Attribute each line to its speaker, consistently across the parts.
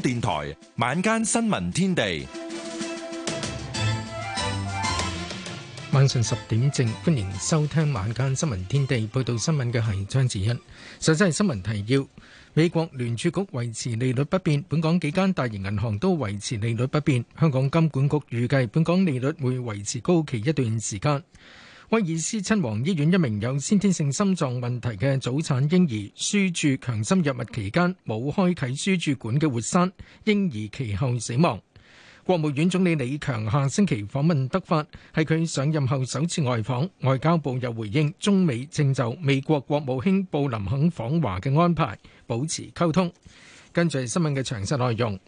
Speaker 1: 電台晚間新
Speaker 2: 聞天地，晚上十點正，歡迎收聽晚間新聞天地。報道新聞嘅係張子欣。首先係新聞提要：美國聯儲局維持利率不變，本港幾間大型銀行都維持利率不變。香港金管局預計，本港利率會維持高企一段時間。威爾斯親王醫院一名有先天性心臟問題嘅早產嬰兒輸注強心藥物期間冇開啟輸注管嘅活塞，嬰兒其後死亡。國務院總理李強下星期訪問德法，係佢上任後首次外訪。外交部又回應中美正就美國國務卿布林肯訪華嘅安排保持溝通。跟住係新聞嘅詳細內容。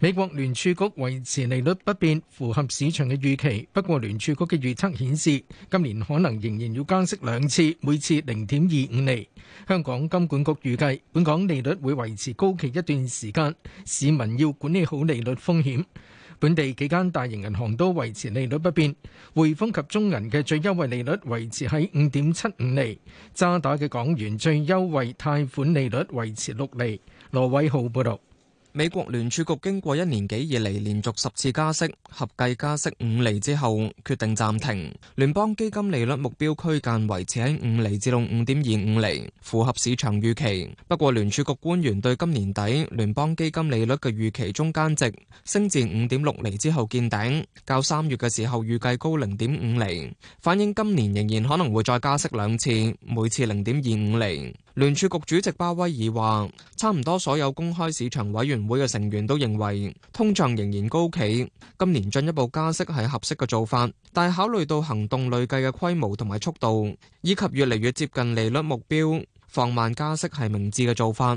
Speaker 2: 美國聯儲局維持利率不變，符合市場嘅預期。不過聯儲局嘅預測顯示，今年可能仍然要加息兩次，每次零點二五厘。香港金管局預計，本港利率會維持高企一段時間，市民要管理好利率風險。本地幾間大型銀行都維持利率不變，匯豐及中銀嘅最優惠利率維持喺五點七五厘，渣打嘅港元最優惠貸款利率維持六厘。羅偉浩報道。美國聯儲局經過一年幾
Speaker 3: 以嚟，連續十次加息，合計加息五厘之後，決定暫停。聯邦基金利率目標區間維持喺五厘至到五點二五厘，符合市場預期。不過，聯儲局官員對今年底聯邦基金利率嘅預期中間值升至五點六厘之後見頂，較三月嘅時候預計高零點五厘，反映今年仍然可能會再加息兩次，每次零點二五厘。聯儲局主席鮑威爾話，差唔多所有公開市場委員會嘅成員都認為，通脹仍然高企，今年進一步加息係合適嘅做法。但係考慮到行動累計嘅規模同埋速度，以及越嚟越接近利率目標，放慢加息係明
Speaker 4: 智嘅做法。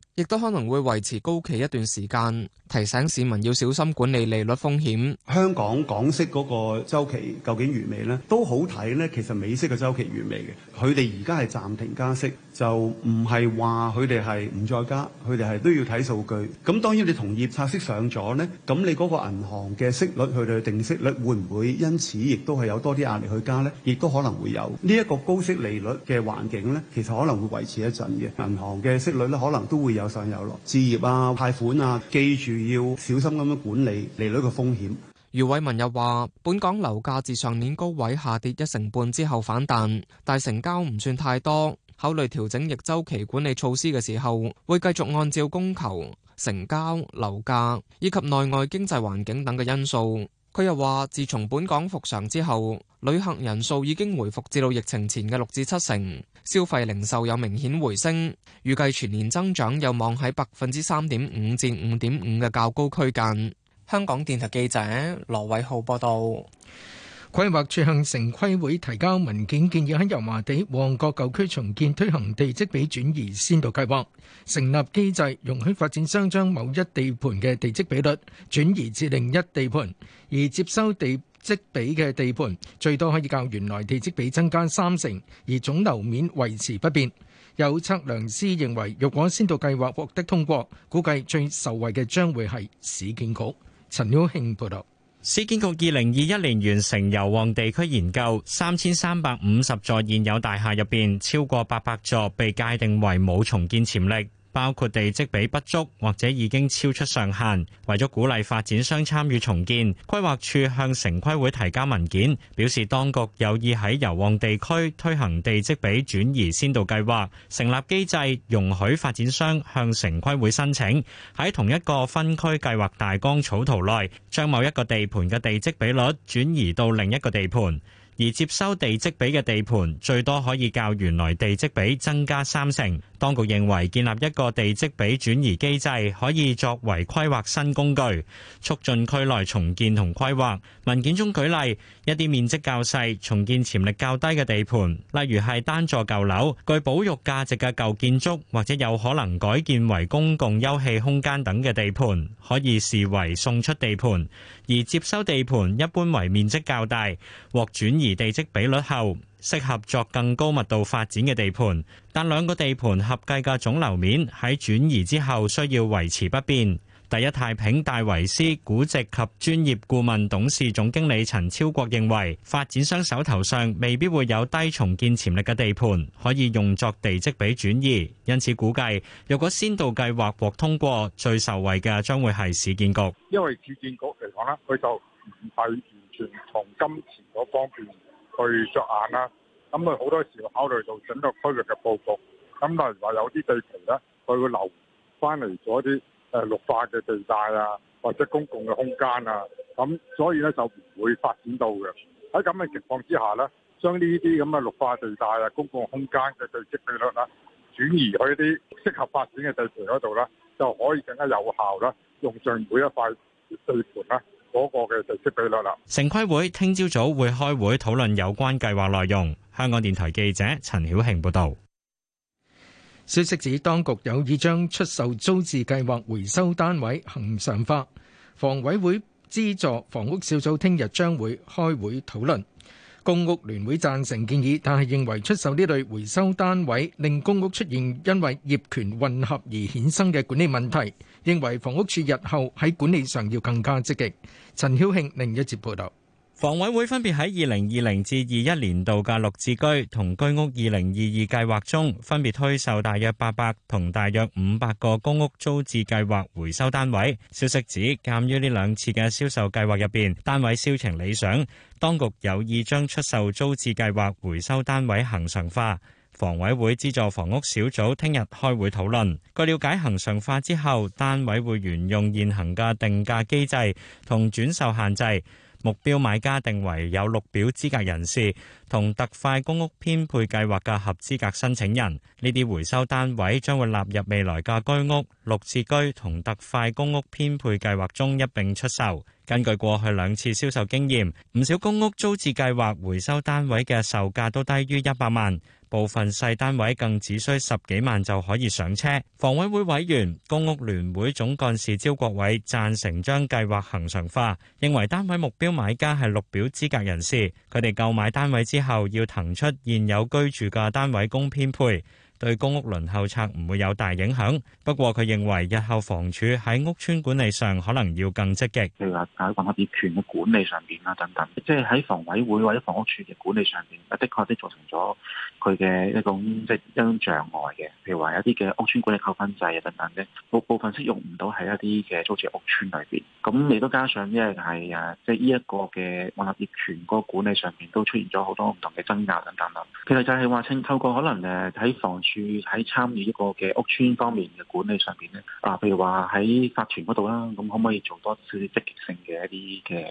Speaker 3: 亦都可能會維持高企一段時
Speaker 5: 間，提醒市民要小心管理利率風險。香港港息嗰個週期究竟完未呢？都好睇呢。其實美息嘅周期完未嘅，佢哋而家係暫停加息，就唔係話佢哋係唔再加，佢哋係都要睇數據。咁當然你同業拆息上咗呢，咁你嗰個銀行嘅息率佢哋定息率，會唔會因此亦都係有多啲壓力去加呢？亦都可能會有呢一、這個高息利率嘅環境呢，其實可能會維持一陣嘅銀行嘅息率呢，可能都會有。上有落，置業啊、貸款啊，記住要小心咁樣管理利率嘅風險。
Speaker 3: 余偉文又話：本港樓價自上年高位下跌一成半之後反彈，但成交唔算太多。考慮調整逆周期管理措施嘅時候，會繼續按照供求、成交樓價以及內外經濟環境等嘅因素。佢又話，自從本港復常之後，旅客人數已經回復至到疫情前嘅六至七成，消費零售有明顯回升，預計全年增長有望喺百分之三點五至五點
Speaker 2: 五嘅較高區間。香港電台記者羅偉浩報道。規劃處向城規會提交文件，建議喺油麻地、旺角舊區重建推行地積比轉移先導計劃，成立機制，容許發展商將某一地盤嘅地積比率轉移至另一地盤。而接收地積比嘅地盤，最多可以較原來地積比增加三成，而總樓面維持不變。有測量師認為若果先導計劃獲得通過，估計最受惠嘅將會係市建局。陳耀慶報道。
Speaker 6: 市建局二零二一年完成油旺地區研究，三千三百五十座現有大廈入邊，超過八百座被界定為冇重建潛力。包括地積比不足或者已經超出上限，為咗鼓勵發展商參與重建，規劃處向城規會提交文件，表示當局有意喺油旺地區推行地積比轉移先導計劃，成立機制容許發展商向城規會申請，喺同一個分區計劃大綱草圖內，將某一個地盤嘅地積比率轉移到另一個地盤。而接收地積比嘅地盤，最多可以較原來地積比增加三成。當局認為建立一個地積比轉移機制，可以作為規劃新工具，促進區內重建同規劃。文件中舉例，一啲面積較細、重建潛力較低嘅地盤，例如係單座舊樓、具保育價值嘅舊建築，或者有可能改建為公共休憩空間等嘅地盤，可以視為送出地盤；而接收地盤一般為面積較大、獲轉移地積比率後，適合作更高密度發展嘅地盤，但兩個地盤合計嘅總樓面喺轉移之後需要維持不變。第一太平戴維斯估值及專業顧問董事總經理陳超國認為，發展商手頭上未必會有低重建潛力嘅地盤可以用作地積比轉移，因此估計若果先導計劃獲獲通過，最受惠嘅將會係市建局，
Speaker 7: 因為市建局嚟講呢佢就唔費。從金錢嗰方面去着眼啦，咁佢好多時會考慮到整個區域嘅佈局，咁例如話有啲地皮咧，佢會留翻嚟咗一啲誒綠化嘅地帶啊，或者公共嘅空間啊，咁所以咧就唔會發展到嘅。喺咁嘅情況之下咧，將呢啲咁嘅綠化地帶啊、公共空間嘅地積比率啦，轉移去一啲適合發展嘅地皮嗰度啦，就可以更加有效啦，用上每一塊地盤啦。嗰個嘅地積比率
Speaker 6: 啦，城規會聽朝早會開會討論有關計劃內容。香港電台記者陳曉慶報導。
Speaker 2: 消息指，當局有意將出售租置計劃回收單位恆常化，房委會資助房屋小組聽日將會開會討論。公屋聯會贊成建議，但係認為出售呢類回收單位令公屋出現因為業權混合而衍生嘅管理問題，認為房屋署日後喺管理上要更加積極。陳曉慶另一節報道。房委會分別
Speaker 6: 喺二零二零至二一年度嘅綠置居同居屋二零二二計劃中，分別推售大約八百同大約五百個公屋租置計劃回收單位。消息指，鑒於呢兩次嘅銷售計劃入邊單位銷情理想，當局有意將出售租置計劃回收單位恆常化。房委會資助房屋小組聽日開會討論。據了解，恆常化之後，單位會沿用現行嘅定價機制同轉售限制。目標買家定為有綠表資格人士同特快公屋編配計劃嘅合資格申請人，呢啲回收單位將會納入未來嘅居屋、綠置居同特快公屋編配計劃中一並出售。根據過去兩次銷售經驗，唔少公屋租置計劃回收單位嘅售價都低於一百萬。部分細單位更只需十幾萬就可以上車。房委會委員、公屋聯會總幹事招國偉贊成將計劃恆常化，認為單位目標買家係綠表資格人士，佢哋購買單位之後要騰出現有居住嘅單位供編配。對公屋輪候冊唔會有大影響，不過佢認為日後房署喺屋邨管理上可能要更積極。譬如話喺混合業權嘅管理上邊啦等等，即係喺房委會或者房屋署嘅管理上邊，的確都造成咗佢嘅一種即係一種障礙嘅。譬如話有一啲嘅屋邨管理扣分制啊等等咧，部部分適用唔到喺一啲嘅
Speaker 4: 租住屋邨裏邊。咁你都加上咧係誒，即係呢一個嘅混合業權嗰個管理上面都出現咗好多唔同嘅爭拗等等啦。
Speaker 6: 其實就係話，稱透過可能誒喺房署。住喺參與一個嘅屋村方面嘅管理上邊咧，啊，譬如話喺法團嗰度啦，咁可唔可以做多少啲積極性嘅一啲嘅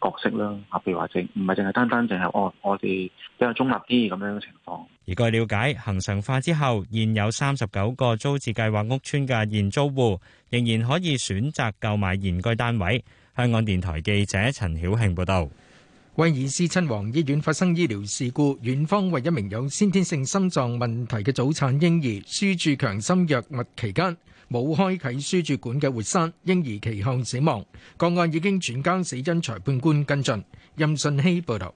Speaker 6: 角色啦？啊，譬如話，即唔係淨係單單淨係我我哋比較中立啲咁樣嘅情況。而據了解，恒常化之後，現有三十九個租置計劃屋村嘅現租戶，仍然可以選擇
Speaker 2: 購買現居單位。香港電台記者陳曉慶報導。威爾斯親王醫院發生醫療事故，院方為一名有先天性心臟問題嘅早產嬰兒輸注強心藥物期間，冇開啟輸注管嘅活塞，嬰兒其後死亡。個案已經轉交死因裁判官跟進。任信希報道。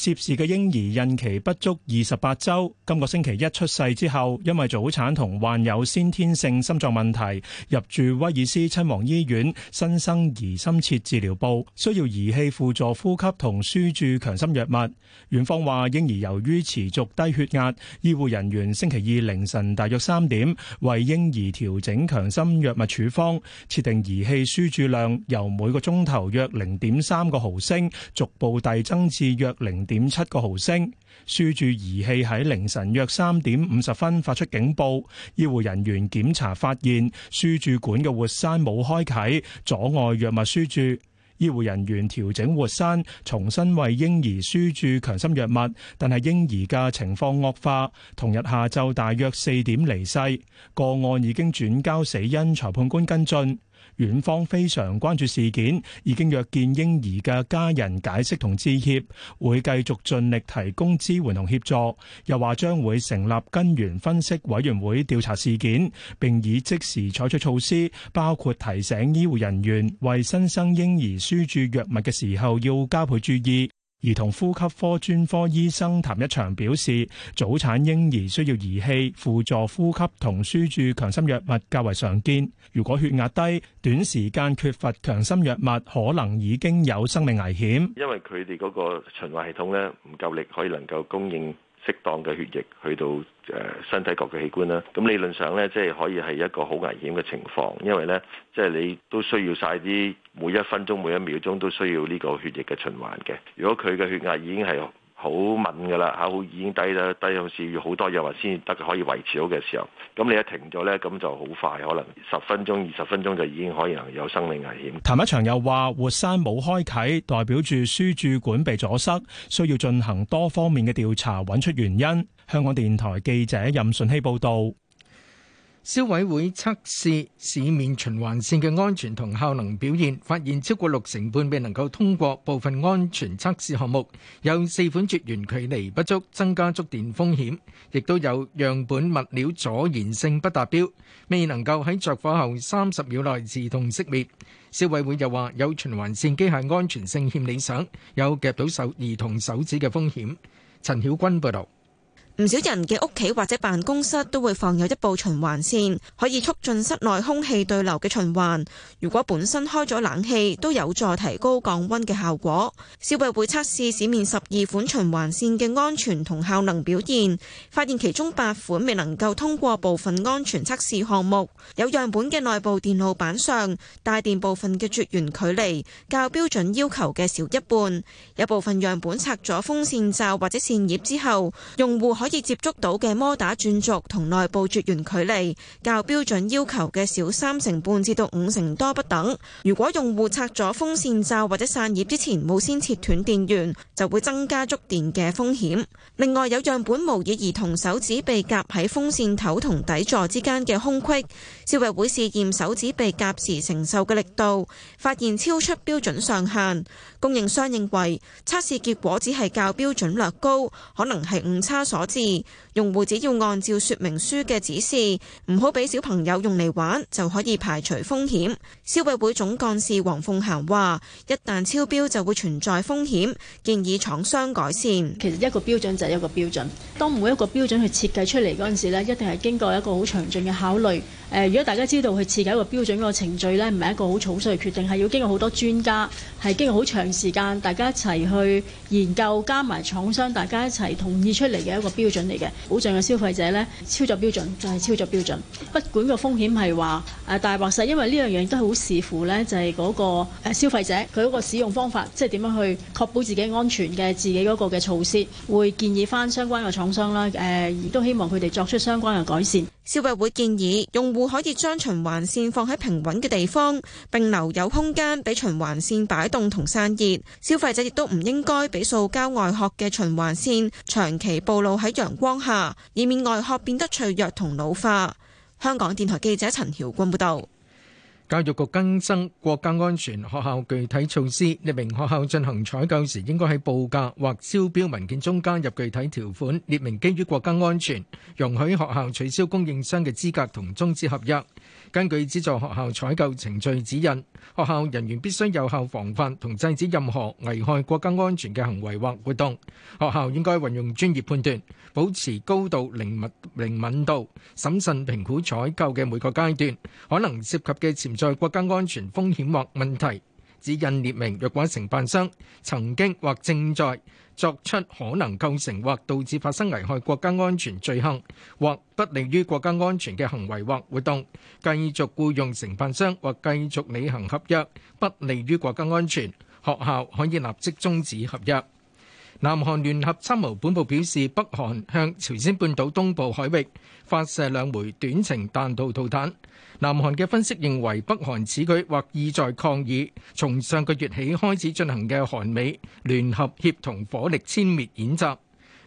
Speaker 2: 涉事嘅嬰兒孕期不足二十八週，今個星期一出世之後，
Speaker 1: 因為早產同患有先天性心臟問題，入住威爾斯親王醫院新生兒深切治療部，需要儀器輔助呼吸同輸注強心藥物。院方話嬰兒由於持續低血壓，醫護人員星期二凌晨大約三點為嬰兒調整強心藥物處方，設定儀器輸注量由每個鐘頭約零點三個毫升，逐步遞增至約零點七個毫升，輸注儀器喺凌晨約三點五十分發出警報，醫護人員檢查發現輸注管嘅活塞冇開啟，阻礙藥物輸注。醫護人員調整活塞，重新為嬰兒輸注強心藥物，但係嬰兒嘅情況惡化，同日下晝大約四點離世。個案已經轉交死因裁判官跟進。院方非常關注事件，已經約見嬰兒嘅家人解釋同致歉，會繼續盡力提供支援同協助。又話將會成立根源分析委員會調查事件，並已即時採取措施，包括提醒醫護人員為新生嬰兒輸注藥物嘅時候要加倍注意。兒童呼吸科專科醫生譚一祥表示，早產嬰兒需要儀器輔助呼吸同輸注強心藥物較為常見。如果血壓低、短時間缺乏強心藥物，可能已經有生命危險。因為佢哋嗰個循環系統咧唔夠力，可以能夠供應適當嘅血液去到誒、呃、身體各個器官啦，咁理論上咧，即係可以係一個好危險嘅情況，因為咧，即係你都需要曬啲每一分鐘每一秒鐘都需要呢個血液嘅循環嘅。如果佢嘅血壓已經係好敏感㗎喇，嚇，已經低咗，低到需要好多藥物，或先得可以維持到嘅時候。咁你一停咗呢，咁就好快，可能十分鐘、二十分鐘就已經可能有生命危險。譚一祥又話：活塞冇開啓，代表住輸注管被阻塞，需要進行多方面嘅調查，揾出原因。香港電台記者任順希報
Speaker 2: 導。消委會測試市面循環線嘅安全同效能表現，發現超過六成半未能夠通過部分安全測試項目，有四款絕緣距離不足，增加觸電風險，亦都有樣本物料阻燃性不達標，未能夠喺着火後三十秒內自動熄滅。消委會又話有循環線機械安全性欠理想，有夾到手兒童手指嘅風險。陳曉君報道。
Speaker 8: 唔少人嘅屋企或者辦公室都會放有一部循環扇，可以促進室內空氣對流嘅循環。如果本身開咗冷氣，都有助提高降溫嘅效果。消委會測試市面十二款循環扇嘅安全同效能表現，發現其中八款未能夠通過部分安全測試項目。有樣本嘅內部電路板上帶電部分嘅絕緣距離較標準要求嘅少一半。有部分樣本拆咗風扇罩或者扇葉之後，用戶可可以接觸到嘅摩打轉軸同內部絕緣距離，較標準要求嘅少三成半至到五成多不等。如果用戶拆咗風扇罩或者散熱之前冇先切斷電源，就會增加觸電嘅風險。另外有樣本模擬兒童手指被夾喺風扇頭同底座之間嘅空隙，消委會試驗手指被夾時承受嘅力度，發現超出標準上限。供應商認為測試結果只係較標準略高，可能係誤差所致。用戶只要按照說明書嘅指示，唔好俾小朋友用嚟玩，就可以排除風險。消委會總幹事黃鳳嫻話，一旦超標就會存在風險，建議廠商改善。其實一個標準就係一個標準，當每一個標準去設計出嚟嗰陣時呢，一定係
Speaker 9: 經過一個好詳盡嘅考慮。誒、呃，如果大家知道去設計一個標準個程序呢，唔係一個好草率嘅決定，係要經過好多專家，係經過好長時間，大家一齊去研究，加埋廠商，大家一齊同意出嚟嘅一個。標準嚟嘅，保障嘅消費者呢，操作標準就係操作標準。不管個風險係話誒大或細，因為呢樣嘢都係好視乎呢，就係嗰個消費者佢嗰個使用方法，即係點樣去確保自己安全嘅自己嗰
Speaker 8: 個嘅措施，會建議返相關嘅廠商啦。誒、呃，亦都希望佢哋作出相關嘅改善。消委會建議，用戶可以將循環線放喺平穩嘅地方，並留有空間俾循環線擺動同散熱。消費者亦都唔應該俾塑膠外殼嘅循環線長期暴露喺陽光下，以免外殼變得脆弱同老化。香港電台記者陳曉君報道。教育局更新
Speaker 2: 國家安全學校具體措施，列明學校進行採購時應該喺報價或招標文件中加入具體條款，列明基於國家安全，容許學校取消供應商嘅資格同終止合約。根據資助學校採購程序指引，學校人員必須有效防範同制止任何危害國家安全嘅行為或活動。學校應該運用專業判斷，保持高度靈敏靈敏度，審慎評估採購嘅每個階段，可能涉及嘅潛在國家安全風險或問題，指引列明若果承辦商曾經或正在作出可能構成或導致發生危害國家安全罪行，或不利於國家安全嘅行為或活動，繼續僱用承辦商或繼續履行合約，不利於國家安全，學校可以立即終止合約。南韓聯合參謀本部表示，北韓向朝鮮半島東部海域發射兩枚短程彈道導彈。南韓嘅分析認為，北韓此舉或意在抗議從上個月起開始進行嘅韓美聯合協同火力殲滅演習。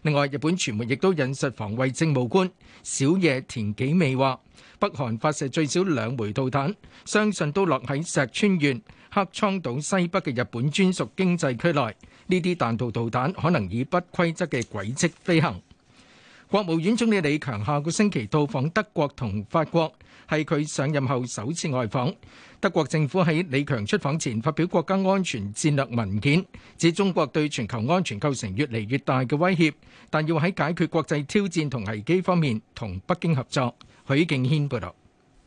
Speaker 2: 另外，日本傳媒亦都引述防衛政務官小野田紀美話，北韓發射最少兩枚導彈，相信都落喺石川縣黑倉島西北嘅日本專屬經濟區內。呢啲彈道導彈可能以不規則嘅軌跡飛行。國務院總理李強下個星期到訪德國同法國，係佢上任後首次外訪。德國政府喺李強出訪前發表國家安全戰略文件，指中國對全球安全構成越嚟越大嘅威脅，但要喺解決國際挑戰同危機方面同北京合作。許敬軒報道。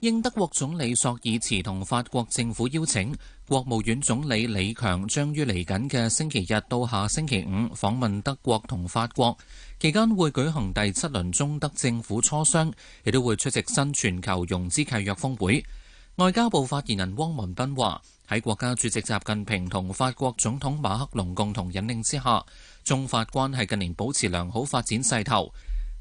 Speaker 2: 應德國總理朔爾茨同法國政府邀請，
Speaker 10: 國務院總理李強將於嚟緊嘅星期日到下星期五訪問德國同法國。期間會舉行第七輪中德政府磋商，亦都會出席新全球融資契約峰會。外交部發言人汪文斌話：喺國家主席習近平同法國總統馬克龍共同引領之下，中法關係近年保持良好發展勢頭。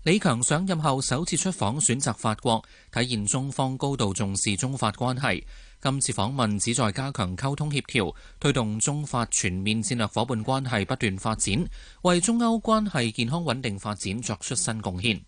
Speaker 10: 李強上任後首次出訪選擇法國，體現中方高度重視中法關係。今次訪問旨在加強溝通協調，推動中法全面戰略伙伴關係不斷發展，為中歐關係健康穩定發展作出新貢獻。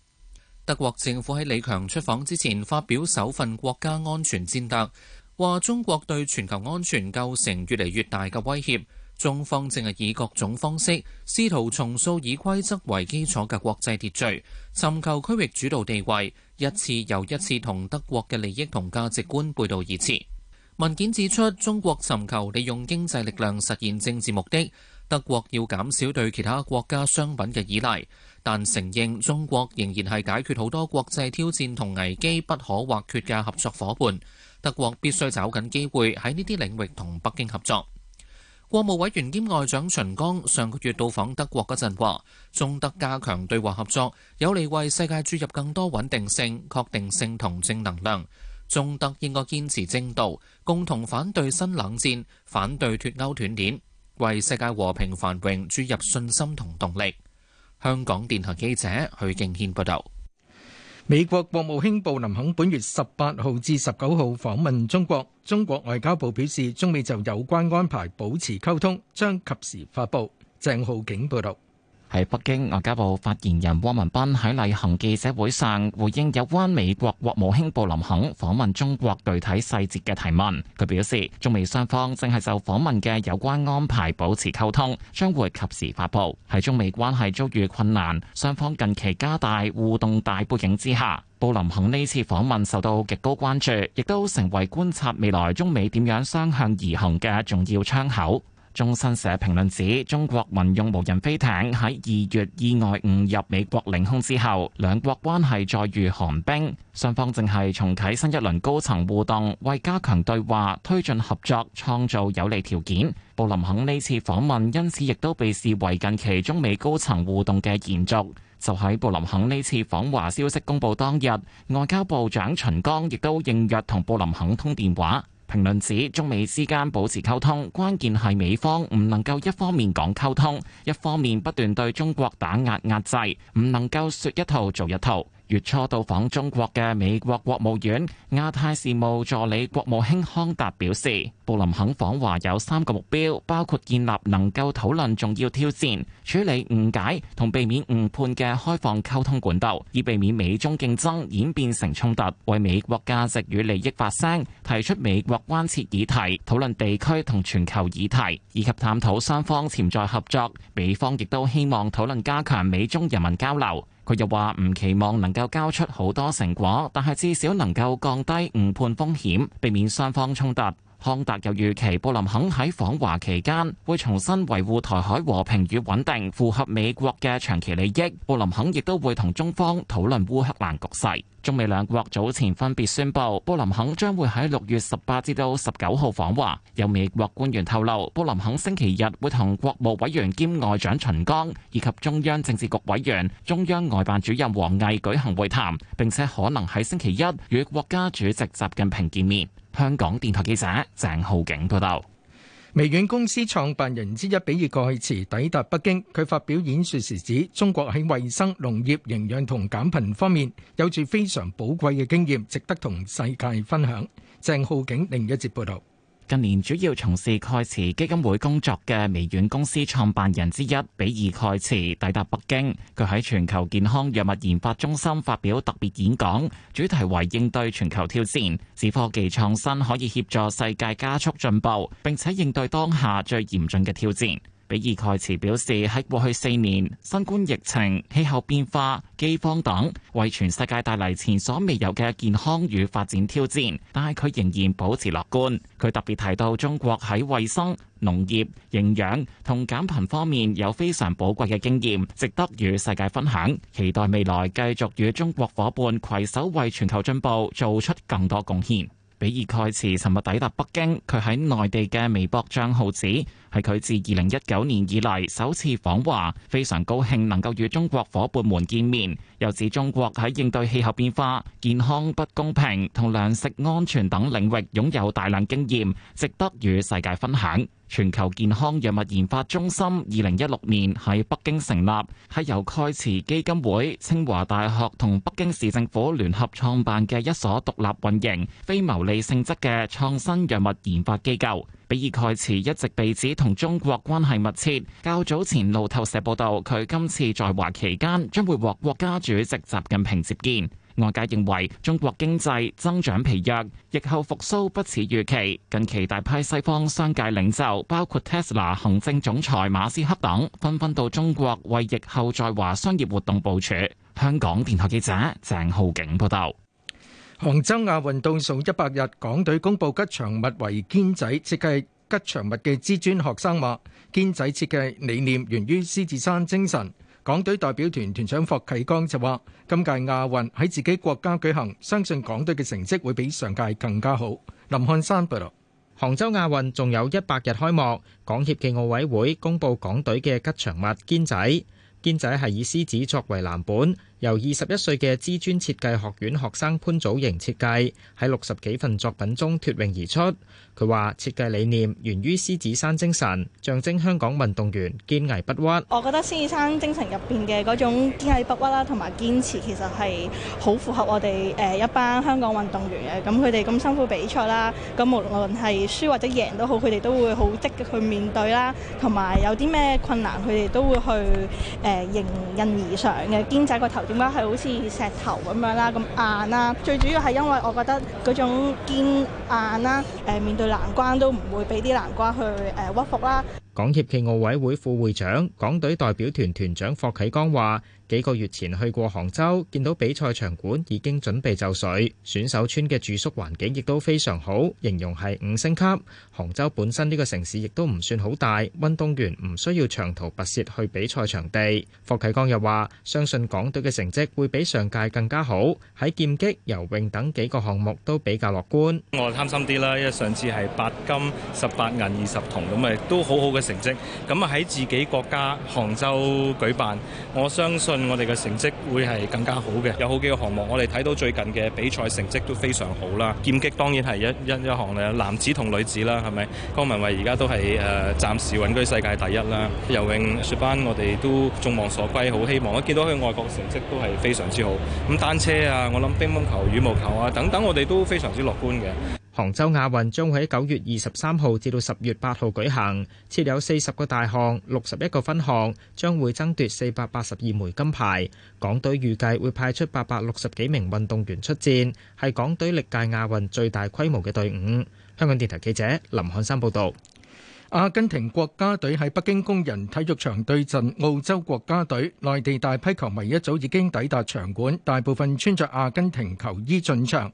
Speaker 10: 德國政府喺李強出訪之前發表首份國家安全戰略，話中國對全球安全構成越嚟越大嘅威脅，中方正係以各種方式試圖重塑以規則為基礎嘅國際秩序，尋求區域主導地位，一次又一次同德國嘅利益同價值觀背道而馳。文件指出，中國尋求利用經濟力量實現政治目的。德國要減少對其他國家商品嘅依賴，但承認中國仍然係解決好多國際挑戰同危機不可或缺嘅合作伙伴。德國必須找緊機會喺呢啲領域同北京合作。國務委員兼外長秦剛上個月到訪德國嗰陣話，中德加強對話合作，有利為世界注入更多穩定性、確定性同正能量。中德應該堅持正道，共同反對新冷戰，反對脫歐斷鏈，為世界和平繁榮注入信心同動力。香港電台記者許敬軒報導。
Speaker 2: 美國國務卿布林肯本月十八號至十九號訪問中國，中國外交部表示，中美就有關安排保持溝通，將及時發布。鄭浩景報導。
Speaker 4: 喺北京，外交部發言人汪文斌喺例行記者會上回應有關美國國務卿布林肯訪問中國具體細節嘅提問，佢表示，中美雙方正係就訪問嘅有關安排保持溝通，將會及時發佈。喺中美關係遭遇困難，雙方近期加大互動大背景之下，布林肯呢次訪問受到極高關注，亦都成為觀察未來中美點樣相向而行嘅重要窗口。中新社評論指，中國民用無人飛艇喺二月意外誤入美國領空之後，兩國關係再遇寒冰。雙方正係重啟新一輪高層互動，為加強對話、推進合作、創造有利條件。布林肯呢次訪問因此亦都被視為近期中美高層互動嘅延續。就喺布林肯呢次訪華消息公佈當日，外交部長秦剛亦都應約同布林肯通電話。評論指，中美之間保持溝通，關鍵係美方唔能夠一方面講溝通，一方面不斷對中國打壓壓制，唔能夠說一套做一套。月初到訪中國嘅美國國務院亞太事務助理國務卿康達表示，布林肯訪華有三個目標，包括建立能夠討論重要挑戰、處理誤解同避免誤判嘅開放溝通管道，以避免美中競爭演變成衝突；為美國價值與利益發聲，提出美國關切議題，討論地區同全球議題，以及探討雙方潛在合作。美方亦都希望討論加強美中人民交流。佢又話唔期望能夠交出好多成果，但係至少能夠降低誤判風險，避免雙方衝突。康達又預期布林肯喺訪華期間會重新維護台海和平與穩定，符合美國嘅長期利益。布林肯亦都會同中方討論烏克蘭局勢。中美兩國早前分別宣布，布林肯將會喺六月十八至到十九號訪華。有美國官員透露，布林肯星期日會同國務委員兼外長秦剛以及中央政治局委員、中央外辦主任王毅舉行會談，並且可能喺星期一與國家主席習近平見面。香港電台記者鄭浩景報
Speaker 2: 道。微軟公司創辦人之一比爾蓋茨抵達北京，佢發表演說時指，中國喺衛生、農業、營養同減貧方面有住非常寶貴嘅經驗，值得同世界分享。鄭浩景另一節報道。近年主
Speaker 4: 要從事蓋茨基金會工作嘅微軟公司創辦人之一比爾蓋茨抵達北京，佢喺全球健康藥物研發中心發表特別演講，主題為應對全球挑戰，指科技創新可以協助世界加速進步，並且應對當下最嚴峻嘅挑戰。比爾蓋茨表示，喺過去四年，新冠疫情、氣候變化、饑荒等，為全世界帶嚟前所未有嘅健康與發展挑戰。但係佢仍然保持樂觀。佢特別提到，中國喺衞生、農業、營養同減貧方面有非常寶貴嘅經驗，值得與世界分享。期待未來繼續與中國伙伴攜手，為全球進步做出更多貢獻。比爾蓋茨尋日抵達北京，佢喺內地嘅微博賬號指，係佢自二零一九年以來首次訪華，非常高興能夠與中國伙伴們見面。又指中國喺應對氣候變化、健康不公平同糧食安全等領域擁有大量經驗，值得與世界分享。全球健康藥物研發中心二零一六年喺北京成立，係由蓋茨基金會、清華大學同北京市政府聯合創辦嘅一所獨立運營、非牟利性質嘅創新藥物研發機構。比爾蓋茨一直被指同中國關係密切。較早前路透社報道，佢今次在華期間將會獲國家主席習近平接見。外界認為中國經濟增長疲弱，疫後復甦不似預期。近期大批西方商界領袖，包括 Tesla 行政總裁馬斯克等，紛紛到中國為
Speaker 2: 疫後在華商業活動部署。香港電台記者鄭浩景報道。杭州亞運倒數一百日，港隊公布吉祥物為堅仔，設計吉祥物嘅知專學生話：堅仔設計理念源於獅子山精神。港隊代表團團長霍啟剛就話，今屆亞運喺自己國家舉行，相信港隊嘅成績會比上屆更加好。林漢山報道。杭州亞運
Speaker 11: 仲有一百日開幕，港協暨奧委會公布港隊嘅吉祥物堅仔，堅仔係以獅子作為藍本。由二十一歲嘅資專設計學院學生潘祖瑩設計，喺六十幾份作品中脫穎而出。佢話設計理念源於獅子山精神，象徵香港運動員堅毅不屈。
Speaker 8: 我覺得獅子山精神入邊嘅嗰種堅毅不屈啦，同埋堅持，其實係好符合我哋誒一班香港運動員嘅。咁佢哋咁辛苦比賽啦，咁無論係輸或者贏都好，佢哋都會好積極去面對啦，同埋有啲咩困難，佢哋都會去誒迎刃而上嘅。堅仔個頭。點解係好似石頭咁樣啦、啊，咁硬啦、啊？最主要係因為我覺得嗰種堅硬啦、啊，誒、呃、面對難關都唔會俾啲難關去誒、呃、屈服啦、啊。
Speaker 11: 港協暨奧委會副會長、港隊代表團團長霍啟剛話：幾個月前去過杭州，見到比賽場館已經準備就緒，選手村嘅住宿環境亦都非常好，形容係五星級。杭州本身呢個城市亦都唔算好大，運動員唔需要長途跋涉去比賽場地。霍啟剛又話：相信港隊嘅成績會比上屆更加好，喺劍擊、游泳等幾個項目都比較樂觀。
Speaker 6: 我貪心啲啦，因為上次係八金、十八銀、二十銅咁啊，都好好嘅。成績咁啊喺自己國家杭州舉辦，我相信我哋嘅成績會係更加好嘅。有好幾個項目，我哋睇到最近嘅比賽成績都非常好啦。劍擊當然係一一一項啦，男子同女子啦，係咪？江文慧而家都係誒暫時穩居世界第一啦。游泳説返，我哋都眾望所歸，好希望我見到佢外國成績都係非常之好。咁單車啊，我諗乒乓球、羽毛球啊等等，我哋都非常之樂觀嘅。
Speaker 11: 杭州亞運將會喺九月二十三號至到十月八號舉行，設有四十個大項、六十一個分項，將會爭奪四百八十二枚金牌。港隊預計會派出八百六十幾名運動員出戰，係港隊歷屆亞運最大規模嘅隊伍。香港電台記者林漢山報道。
Speaker 2: 阿根廷國家隊喺北京工人體育場對陣澳洲國家隊，內地大批球迷一早已經抵達場館，大部分穿着阿根廷球衣進場。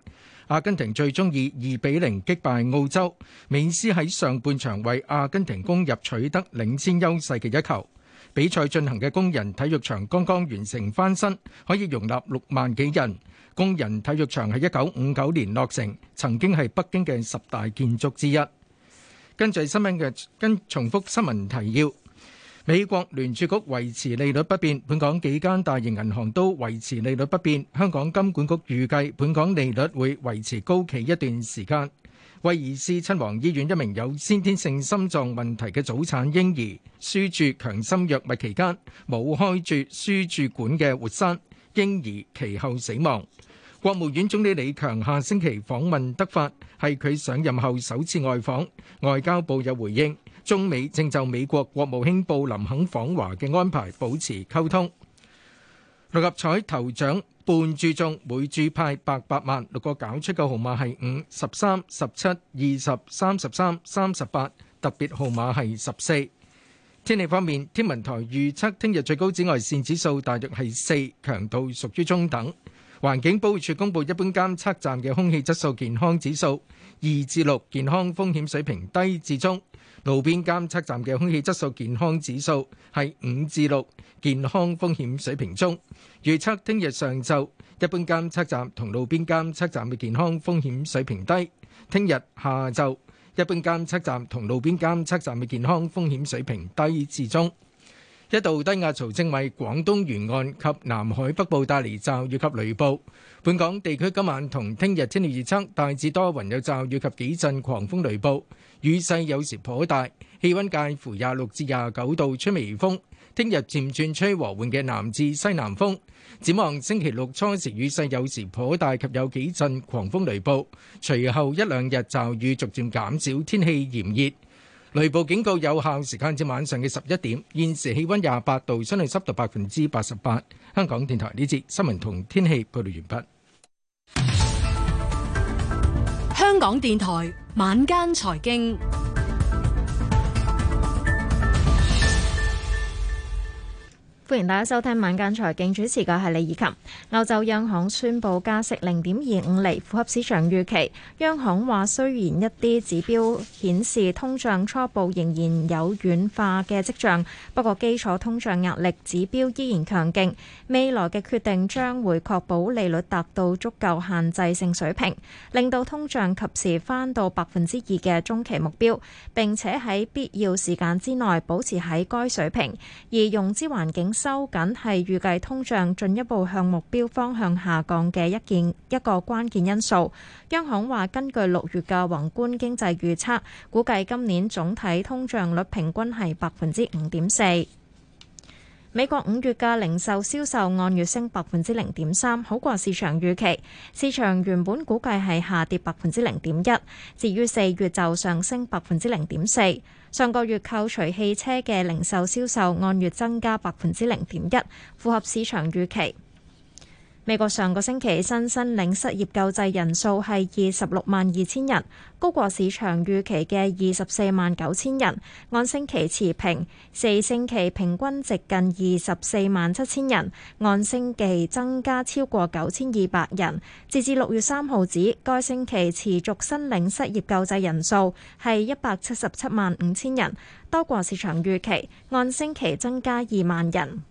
Speaker 2: 阿根廷最終以二比零擊敗澳洲，美斯喺上半場為阿根廷攻入取得領先優勢嘅一球。比賽進行嘅工人體育場剛剛完成翻新，可以容納六萬幾人。工人體育場喺一九五九年落成，曾經係北京嘅十大建築之一。跟住新聞嘅跟重複新聞提要。美國聯儲局維持利率不變,本港幾間大型銀行都維持利率不變,香港金管局預計本港利率會維持高企一段時間。威爾斯親王醫院一名有先天性心臟問題嘅早產嬰兒,輸注強心藥物期間,冇開住輸注管嘅活塞,嬰兒其後死亡。國務院總理李強下星期訪問德法,係佢上任後首次外訪,外交部有回應。中美正就美國國務卿布林肯訪華嘅安排保持溝通。六合彩頭獎半注中，每注派八百萬。六個搞出嘅號碼係五、十三、十七、二十、三十三、三十八，特別號碼係十四。天氣方面，天文台預測聽日最高紫外線指數大約係四，強度屬於中等。環境保護署公布一般監測站嘅空氣質素健康指數二至六，健康風險水平低至中。路邊監測站嘅空氣質素健康指數係五至六，健康風險水平中。預測聽日上晝，一般監測站同路邊監測站嘅健康風險水平低；聽日下晝，一般監測站同路邊監測站嘅健康風險水平低至中。一道低壓槽正為廣東沿岸及南海北部帶嚟驟雨及雷暴。本港地區今晚同聽日天氣預測，大致多雲有驟雨及幾陣狂風雷暴，雨勢有時頗大，氣温介乎廿六至廿九度，吹微風。聽日漸轉吹和緩嘅南至西南風。展望星期六，初時雨勢有時頗大及有幾陣狂風雷暴，隨後一兩日驟雨逐漸減少，天氣炎熱。雷暴警告有效時間至晚上嘅十一點。現時氣温廿八度，相對濕度百分之八十八。香港電台呢節新聞同天氣報道完畢。
Speaker 9: 香港電台晚間財經。歡迎大家收聽晚間財經，主持嘅係李以琴。歐洲央行宣布加息零點二五厘，符合市場預期。央行話雖然一啲指標顯示通脹初步仍然有軟化嘅跡象，不過基礎通脹壓力指標依然強勁。未來嘅決定將會確保利率達到足夠限制性水平，令到通脹及時翻到百分之二嘅中期目標，並且喺必要時間之內保持喺該水平。而融資環境，收緊係預計通脹進一步向目標方向下降嘅一件一個關鍵因素。央行話根據六月嘅宏觀經濟預測，估計今年總體通脹率平均係百分之五點四。美國五月嘅零售銷售按月升百分之零點三，好過市場預期。市場原本估計係下跌百分之零點一，至於四月就上升百分之零點四。上個月扣除汽車嘅零售銷售按月增加百分之零點一，符合市場預期。美國上個星期新申領失業救濟人數係二十六萬二千人，高過市場預期嘅二十四萬九千人，按星期持平，四星期平均值近二十四萬七千人，按星期增加超過九千二百人。截至六月三號止，該星期持續申領失業救濟人數係一百七十七萬五千人，多過市場預期，按星期增加二萬人。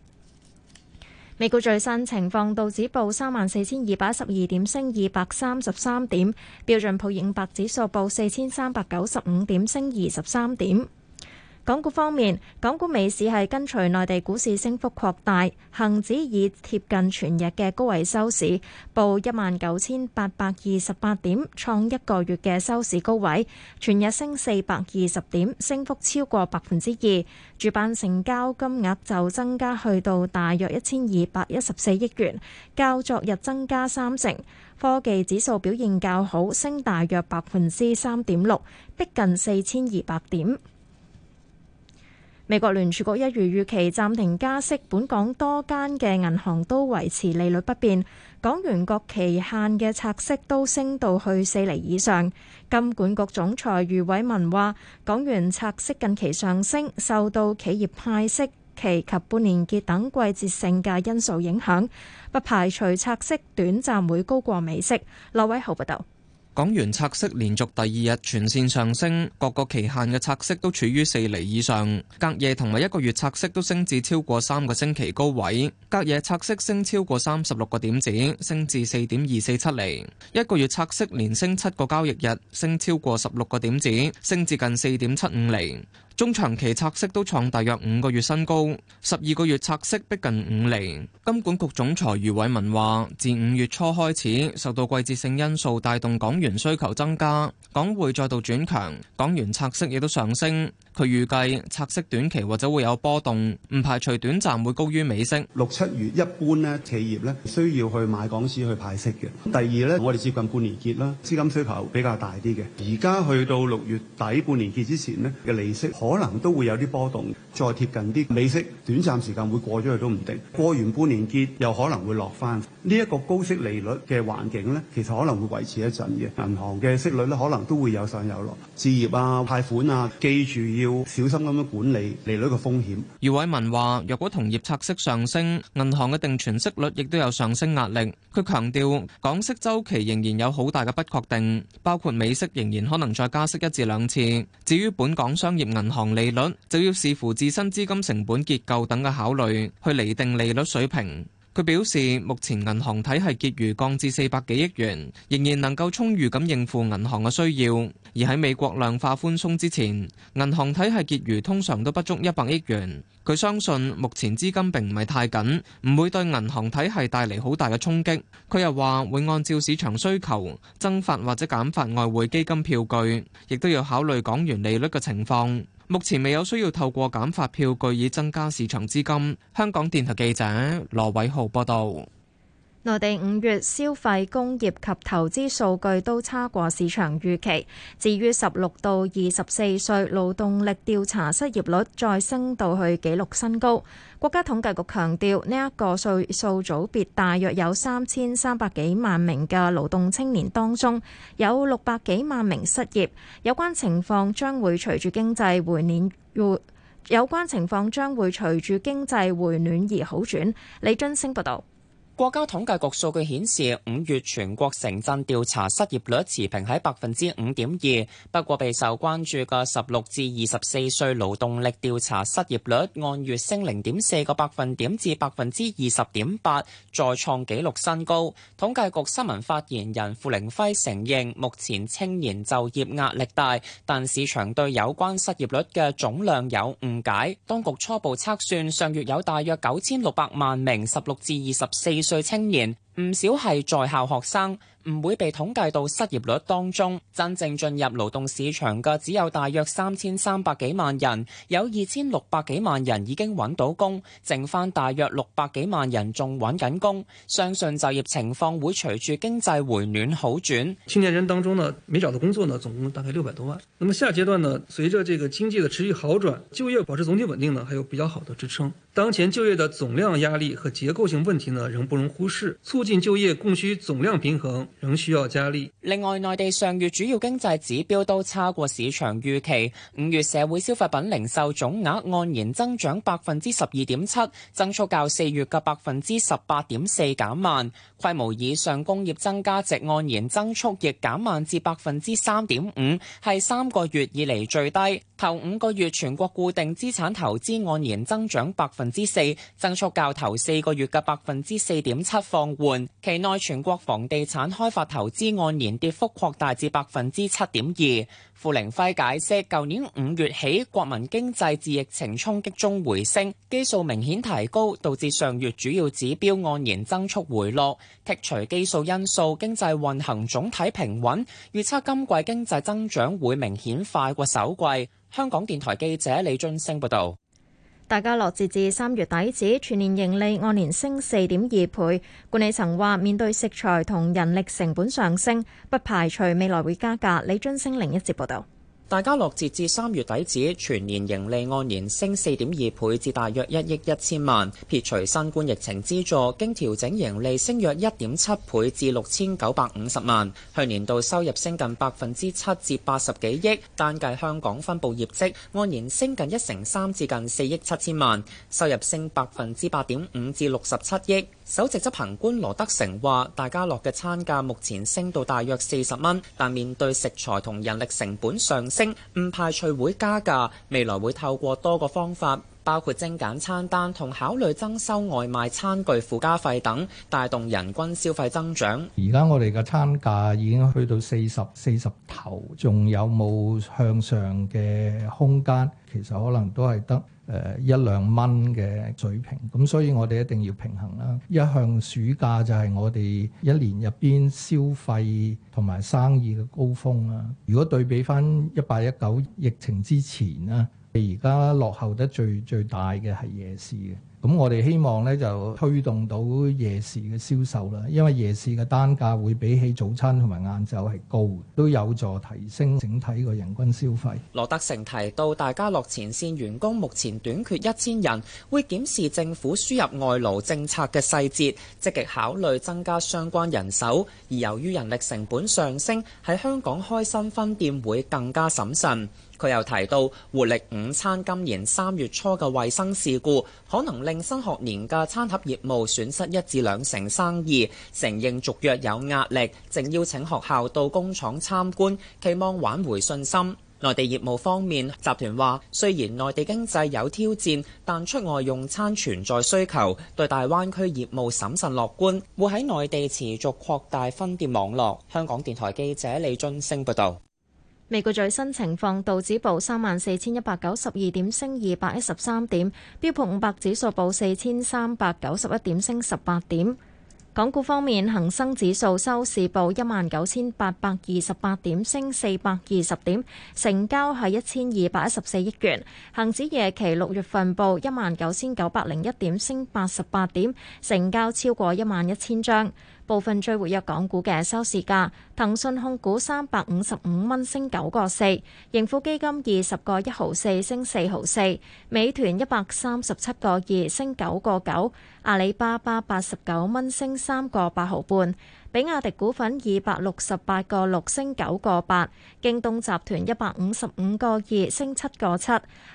Speaker 9: 美股最新情況：道指報三萬四千二百一十二點，升二百三十三點；標準普爾五百指數報四千三百九十五點，升二十三點。港股方面，港股尾市係跟隨內地股市升幅擴大，恒指以貼近全日嘅高位收市，報一萬九千八百二十八點，創一個月嘅收市高位，全日升四百二十點，升幅超過百分之二。主板成交金額就增加去到大約一千二百一十四億元，較昨日增加三成。科技指數表現較好，升大約百分之三點六，逼近四千二百點。美國聯儲局一如預期暫停加息，本港多間嘅銀行都維持利率不變。港元各期限嘅拆息都升到去四厘以上。金管局總裁余偉文話，港元拆息近期上升，受到企業派息期及半年結等季節性嘅因素影響，不排除拆息短暫會高過美息。劉偉豪報道。
Speaker 3: 港元拆息連續第二日全線上升，各個期限嘅拆息都處於四厘以上。隔夜同埋一個月拆息都升至超過三個星期高位，隔夜拆息升超過三十六個點子，升至四點二四七厘。一個月拆息連升七個交易日，升超過十六個點子，升至近四點七五厘。中長期拆息都創大約五個月新高，十二個月拆息逼近五厘。金管局總裁余偉文話：自五月初開始，受到季節性因素帶動港元需求增加，港匯再度轉強，港元拆息亦都上升。佢預計拆息短期或者會有波動，唔排除短暫會高於美息。
Speaker 5: 六七月一般呢，企業呢，需要去買港紙去派息嘅。第二呢，我哋接近半年結啦，資金需求比較大啲嘅。而家去到六月底半年結之前呢，嘅利息，可能都會有啲波動，再貼近啲美息。短暫時間會過咗去都唔定，過完半年結又可能會落翻。呢、這、一個高息利率嘅環境呢，其實可能會維持一陣嘅。銀行嘅息率呢，可能都會有上有落。置業啊，貸款啊，記住，要小心咁樣管理利率嘅風險。
Speaker 3: 余偉文話：若果同業拆息上升，銀行嘅定存息率亦都有上升壓力。佢強調，港息週期仍然有好大嘅不確定，包括美息仍然可能再加息一至兩次。至於本港商業銀行利率，就要視乎自身資金成本結構等嘅考慮去釐定利率水平。佢表示，目前銀行體系結餘降至四百幾億元，仍然能夠充裕咁應付銀行嘅需要。而喺美國量化寬鬆之前，銀行體系結餘通常都不足一百億元。佢相信目前資金並唔係太緊，唔會對銀行體系帶嚟好大嘅衝擊。佢又話會按照市場需求增發或者減發外匯基金票據，亦都要考慮港元利率嘅情況。目前未有需要透過減發票據以增加市場資金。香港電台記者羅偉浩報道。
Speaker 9: 內地五月消費、工業及投資數據都差過市場預期。至於十六到二十四歲勞動力調查失業率再升到去紀錄新高。國家統計局強調，呢一個歲數組別大約有三千三百幾萬名嘅勞動青年當中，有六百幾萬名失業。有關情況將會隨住經濟回暖，有關情況將會隨住經濟回暖而好轉。李津星報道。
Speaker 7: 國家統計局數據顯示，五月全國城鎮調查失業率持平喺百分之五點二。不過，備受關注嘅十六至二十四歲勞動力調查失業率按月升零點四個百分點至百分之二十點八，再創紀錄新高。統計局新聞發言人傅凌輝承認，目前青年就業壓力大，但市場對有關失業率嘅總量有誤解。當局初步測算，上月有大約九千六百萬名十六至二十四，歲青年，唔少係在校學生，唔會被統計到失業率當中。真正進入勞動市場嘅只有大約三千三百幾萬人，有二千六百幾萬人已經揾到工，剩翻大約六百幾萬人仲揾緊工。相信就業情況會隨住經濟回暖好轉。
Speaker 3: 青年人當中呢，沒找到工作呢，總共大概六百多萬。那麼下階段呢，隨着這個經濟的持續好轉，就業保持總體穩定呢，還有比較好的支撐。當前就業的總量壓力和結構性問題呢，仍不容忽視。促進就業供需總量平衡仍需要加
Speaker 7: 力。另外，內地上月主要經濟指標都差過市場預期。五月社會消費品零售總額按年增長百分之十二點七，增速較四月嘅百分之十八點四減慢。規模以上工業增加值按年增速亦減慢至百分之三點五，係三個月以嚟最低。頭五個月全國固定資產投資按年增長百分之四，增速較頭四個月嘅百分之四點七放緩。期內全國房地產開發投資按年跌幅擴大至百分之七點二。傅玲輝解釋，舊年五月起國民經濟自疫情衝擊中回升，基數明顯提高，導致上月主要指標按年增速回落。剔除基數因素，經濟運行總體平穩。預測今季經濟增長會明顯快過首季。香港電台記者李俊升報道。
Speaker 9: 大家樂截至三月底止全年盈利按年升四點二倍，管理層話面對食材同人力成本上升，不排除未來會加價。李津星另一節報道。
Speaker 7: 大家樂截至三月底止全年盈利按年升四點二倍至大約一億一千萬，撇除新冠疫情資助，經調整盈利升約一點七倍至六千九百五十萬。去年度收入升近百分之七至八十幾億，單計香港分部業績按年升近一成三至近四億七千萬，收入升百分之八點五至六十七億。首席執行官羅德成話，大家樂嘅餐價目前升到大約四十蚊，但面對食材同人力成本上升。唔排除會加價，未來會透過多個方法，包括精簡餐單同考慮增收外賣餐具附加費等，帶動人均消費增長。
Speaker 2: 而家我哋嘅餐價已經去到四十四十頭，仲有冇向上嘅空間？其實可能都係得誒、嗯、一兩蚊嘅水平，咁所以我哋一定要平衡啦。一向暑假就係我哋一年入邊消費同埋生意嘅高峰啦、啊。如果對比翻一八一九疫情之前啦、啊，而家落後得最最大嘅係夜市嘅。咁我哋希望呢就推動到夜市嘅銷售啦，因為夜市嘅單價會比起早餐同埋晏晝係高，都有助提升整體嘅人均消費。
Speaker 7: 羅德成提到，大家樂前線員工目前短缺一千人，會檢視政府輸入外勞政策嘅細節，積極考慮增加相關人手。而由於人力成本上升，喺香港開新分店會更加審慎。佢又提到，活力午餐今年三月初嘅衛生事故，可能令新學年嘅餐盒業務損失一至兩成生意，承認續約有壓力，正邀請學校到工廠參觀，期望挽回信心。內地業務方面，集團話雖然內地經濟有挑戰，但出外用餐存在需求，對大灣區業務審慎樂觀，會喺內地持續擴大分店網絡，香港電台記者李津升報道。
Speaker 9: 美國最新情況，道指報三萬四千一百九十二點，升二百一十三點；標普五百指數報四千三百九十一點，升十八點。港股方面，恒生指數收市報一萬九千八百二十八點，升四百二十點，成交係一千二百一十四億元。恒指夜期六月份報一萬九千九百零一點，升八十八點，成交超過一萬一千張。部分最活躍港股嘅收市價：騰訊控股三百五十五蚊升九個四，盈富基金二十個一毫四升四毫四，美團一百三十七個二升九個九，阿里巴巴八十九蚊升三個八毫半。比亞迪股份二百六十八個六升九個八，京東集團一百五十五個二升七個七，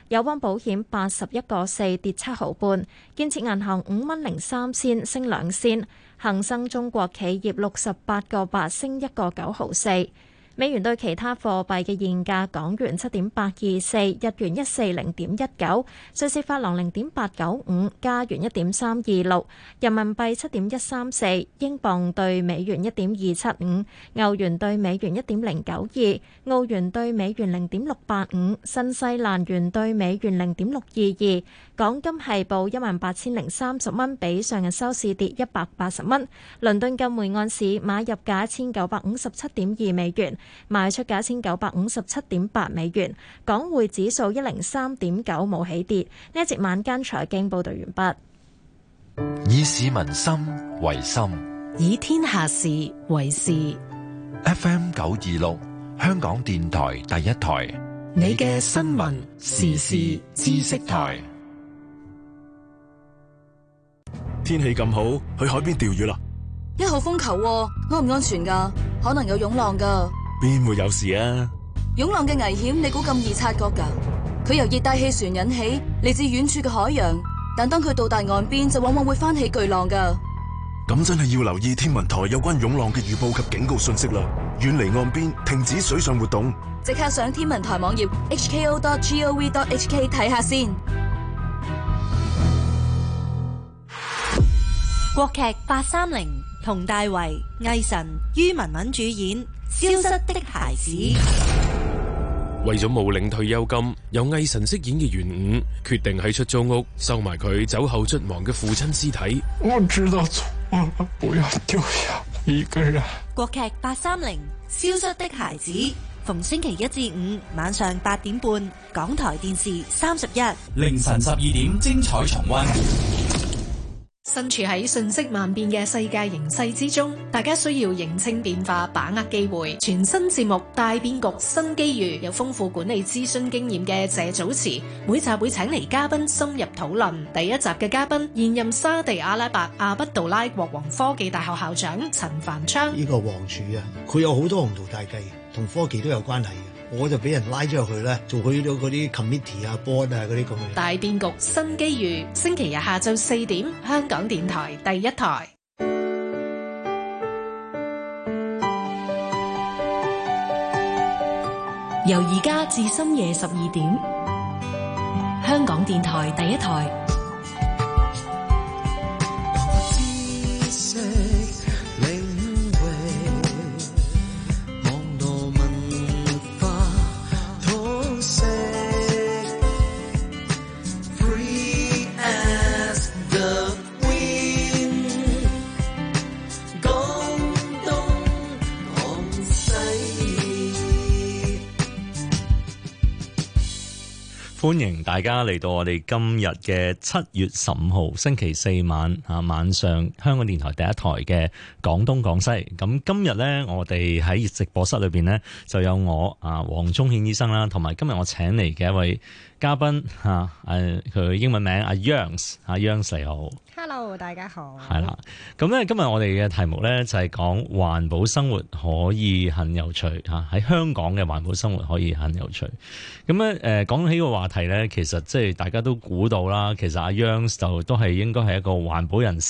Speaker 9: 友邦保險八十一個四跌七毫半，建設銀行五蚊零三仙升兩仙，恒生中國企業六十八個八升一個九毫四。美元兌其他貨幣嘅現價：港元七點八二四，日元一四零點一九，瑞士法郎零點八九五，加元一點三二六，人民幣七點一三四，英鎊對美元一點二七五，歐元對美元一點零九二，澳元對美元零點六八五，新西蘭元對美元零點六二二。港金係報一萬八千零三十蚊，比上日收市跌一百八十蚊。倫敦金每盎司買入價一千九百五十七點二美元，賣出價一千九百五十七點八美元。港匯指數一零三點九冇起跌。呢一節晚間財經報道完畢。
Speaker 8: 以市民心為心，
Speaker 10: 以天下
Speaker 9: 事為事。
Speaker 2: FM
Speaker 1: 九二六，香港電台第一台，
Speaker 2: 你嘅新聞時事知識台。
Speaker 1: 天氣咁好，去海邊釣魚啦！
Speaker 9: 一號風球啊，安唔安全噶啊？可能有湧浪噶。
Speaker 1: 邊會有事啊？
Speaker 9: 湧浪嘅危險你估咁易察覺噶？佢由熱帶氣旋引起，嚟自遠處嘅海洋，但當佢到達岸邊，就往往會翻起巨浪噶。
Speaker 1: 咁真係要留意天文台有關湧浪嘅預報及警告信息啦。遠離岸邊，停止水上活動。
Speaker 9: 即刻上天文台網頁 hko.gov.hk 睇下先。國劇八三零，佟大為、魏晨、于文文主演《消失的孩子》。
Speaker 1: 為咗冒領退休金，由魏晨飾演嘅袁午決定喺出租屋收埋佢酒後猝亡嘅父親屍體。
Speaker 9: 我知道錯了，
Speaker 1: 不要丟下我一個人。
Speaker 9: 國劇八三零《消失的孩子》，逢星期一至五晚上八點半，港台電視三十一，
Speaker 6: 凌晨十二點精彩重溫。
Speaker 9: 身處喺瞬息萬變嘅世界形勢之中，大家需要認清變化，把握機會。全新節目《大變局新機遇》，有豐富管理諮詢經驗嘅謝祖墀，每集會請嚟嘉賓深入討論。第一集嘅嘉賓，現任沙地阿拉伯阿卜杜拉國王科技大學校長陳繁昌。呢
Speaker 5: 個王儲啊，佢有好多鴻圖大計，同科技都有關係嘅。我就俾人拉咗入去咧，做佢咗嗰啲 committee 啊、board 啊嗰啲咁嘅。
Speaker 9: 大變局，新機遇。星期日下晝四點，香港電台第一台。由而家至深夜十二點，香港電台第一台。
Speaker 6: 歡迎大家嚟到我哋今日嘅七月十五號星期四晚啊晚上香港電台第一台嘅廣東廣西。咁今日呢，我哋喺直播室裏邊呢，就有我啊黃忠憲醫生啦，同埋今日我請嚟嘅一位。嘉賓吓，誒、啊，佢英文名阿、啊、Youngs，阿、啊、Youngs 你好，Hello，大家好，係啦，咁咧今日我哋嘅題目咧就係講環保生活可以很有趣吓，喺香港嘅環保生活可以很有趣。咁咧誒講起個話
Speaker 8: 題咧，其實即係大家都估到啦，其實阿、啊、Youngs 就都係應該係一個環保人士。